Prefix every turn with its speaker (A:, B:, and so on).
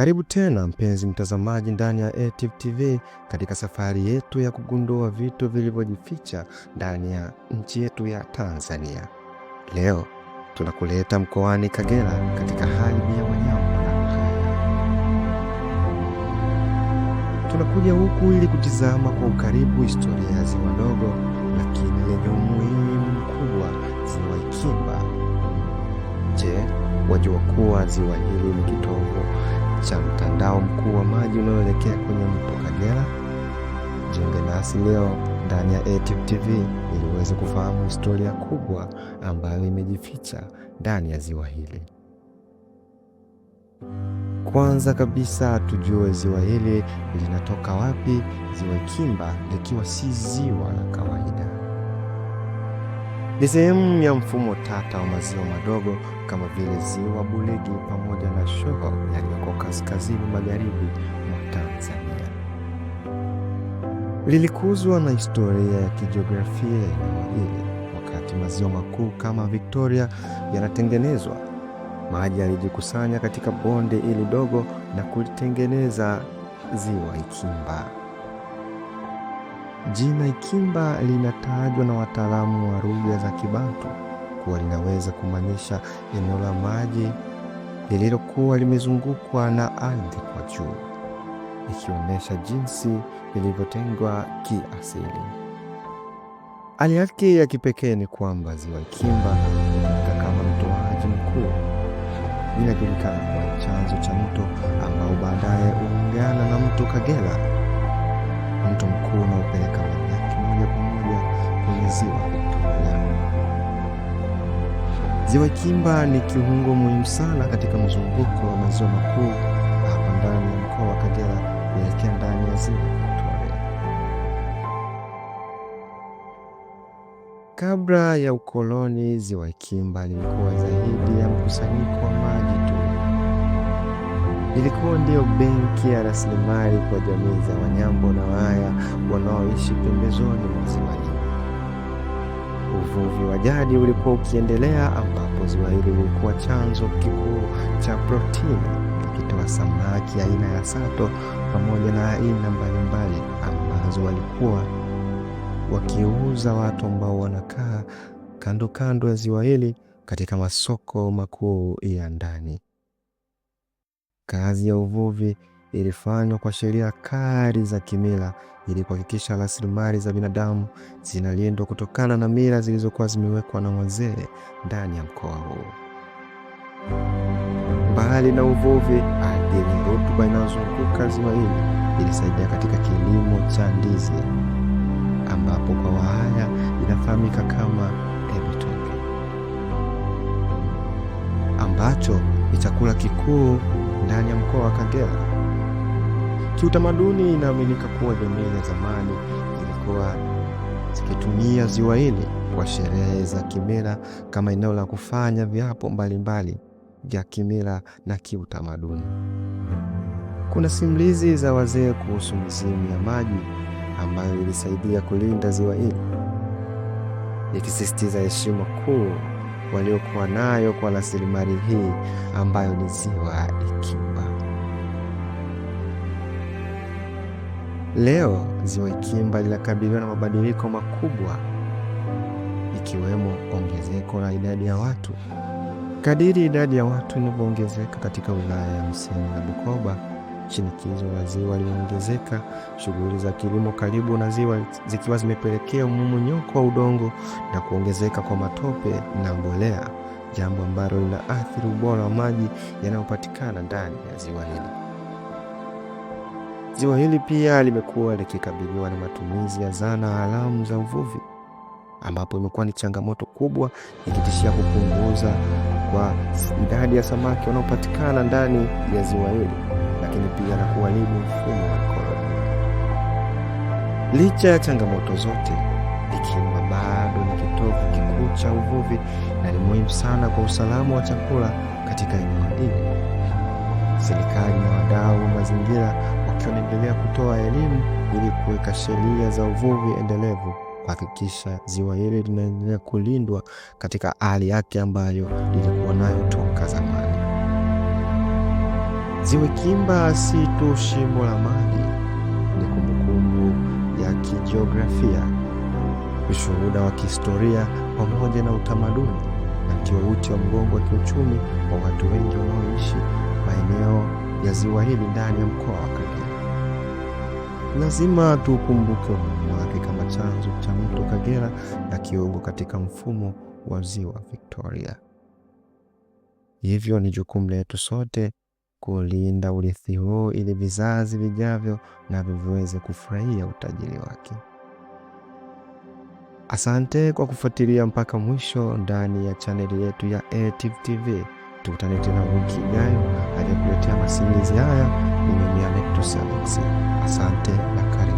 A: Karibu tena mpenzi mtazamaji ndani ya ATIV TV katika safari yetu ya kugundua vitu vilivyojificha ndani ya nchi yetu ya Tanzania. Leo tunakuleta mkoani Kagera katika hali ya wanyama. Tunakuja huku ili kutizama kwa ukaribu historia ya ziwa dogo lakini yenye umuhimu mkubwa, ziwa Ikimba. Je, wajua kuwa ziwa hili ni kitovu cha mtandao mkuu wa maji unaoelekea kwenye mto Kagera. Jiunge nasi leo ndani ya atv TV ili uweze kufahamu historia kubwa ambayo imejificha ndani ya ziwa hili. Kwanza kabisa tujue ziwa hili linatoka wapi, ziwa Kimba likiwa si ziwa la kawaida. Ni sehemu ya mfumo tata wa maziwa madogo kama vile Ziwa Bulegi pamoja na Shoko yaliyoko kaskazini magharibi mwa Tanzania. Lilikuzwa na historia ya kijiografia ya eneo hili. Wakati maziwa makuu kama Victoria yanatengenezwa, maji yalijikusanya katika bonde ili dogo na kulitengeneza Ziwa Ikimba. Jina Ikimba linatajwa na wataalamu wa lugha za Kibantu kuwa linaweza kumaanisha eneo la maji lililokuwa limezungukwa na ardhi kwa juu, ikionyesha jinsi lilivyotengwa kiasili. Hali yake ya kipekee ni kwamba ziwa Ikimba hutumika kama mtoaji mkuu. Linajulikana kwa chanzo cha mto ambao baadaye huungana na mto Kagera mto mkuu unaopeleka maji yake moja kwa moja kwenye ziwa Ziwa Kimba ni kiungo muhimu sana katika mzunguko wa maziwa makuu hapa ndani ya mkoa wa Kagera kuelekea ndani ya ziwa Victoria. Kabla ya ukoloni, ziwa Kimba lilikuwa zaidi ya mkusanyiko Ilikuwa ndiyo benki ya rasilimali kwa jamii za Wanyambo na waya wanaoishi pembezoni mwa ziwa hili. Uvuvi wa jadi ulikuwa ukiendelea, ambapo ziwa hili lilikuwa chanzo kikuu cha protini, likitoa samaki aina ya sato pamoja na aina mbalimbali ambazo walikuwa wakiuza watu ambao wanakaa kando kando ya ziwa hili katika masoko makuu ya ndani. Kazi ya uvuvi ilifanywa kwa sheria kali za kimila ili kuhakikisha rasilimali za binadamu zinalindwa kutokana na mila zilizokuwa zimewekwa na wazee ndani ya mkoa huu. Mbali na uvuvi, ardhi rutuba inayozunguka ziwa hili ilisaidia katika kilimo cha ndizi ambapo kwa Wahaya inafahamika kama ebitoke, ambacho ni chakula kikuu ndani ya mkoa wa Kagera. Kiutamaduni, inaaminika kuwa jamii za zamani zilikuwa zikitumia ziwa hili kwa sherehe za kimila kama eneo la kufanya viapo mbalimbali vya kimila na kiutamaduni. Kuna simulizi za wazee kuhusu mizimu ya maji ambayo ilisaidia kulinda ziwa hili, ikisisitiza heshima kuu waliokuwa nayo kwa rasilimali hii ambayo ni ziwa Ikimba. Leo ziwa Ikimba linakabiliwa na mabadiliko makubwa, ikiwemo ongezeko la idadi ya watu. Kadiri idadi ya watu inavyoongezeka katika wilaya ya Msenyi na Bukoba Shinikizo la ziwa liliongezeka, shughuli za kilimo karibu na ziwa zikiwa zimepelekea mmomonyoko wa udongo na kuongezeka kwa matope na mbolea, jambo ambalo linaathiri ubora wa maji yanayopatikana ndani ya ziwa hili. Ziwa hili pia limekuwa likikabiliwa na matumizi ya zana haramu za uvuvi, ambapo imekuwa ni changamoto kubwa ikitishia kupunguza kwa idadi ya samaki wanaopatikana ndani ya ziwa hili lakini pia na kuharibu mfumo wa koloni. Licha ya changamoto zote, Ikimba bado ni kitovu kikuu cha uvuvi na ni muhimu sana kwa usalama wa chakula katika eneo hili. Serikali na wadau wa mazingira wakiendelea kutoa elimu ili kuweka sheria za uvuvi endelevu kuhakikisha ziwa hili linaendelea kulindwa katika hali yake ambayo lilikuwa nayo toka Ziwa Kimba si tu shimo la maji, ni kumbukumbu ya kijiografia, ushuhuda wa kihistoria pamoja na utamaduni, na ndio uti wa mgongo wa kiuchumi wa watu wengi wanaoishi maeneo ya ziwa hili ndani ya mkoa wa Kagera. Lazima tukumbuke umuhimu wake kama chanzo cha mto Kagera na kiungo katika mfumo wa Ziwa Victoria. Hivyo ni jukumu letu sote kulinda urithi huu ili vizazi vijavyo navyo viweze kufurahia utajiri wake. Asante kwa kufuatilia mpaka mwisho ndani ya chaneli yetu ya ATIV TV. Tukutane tena wiki ijayo. Aliyekuletea masimulizi haya ni mimi Alektus Alex. Asante na karibu.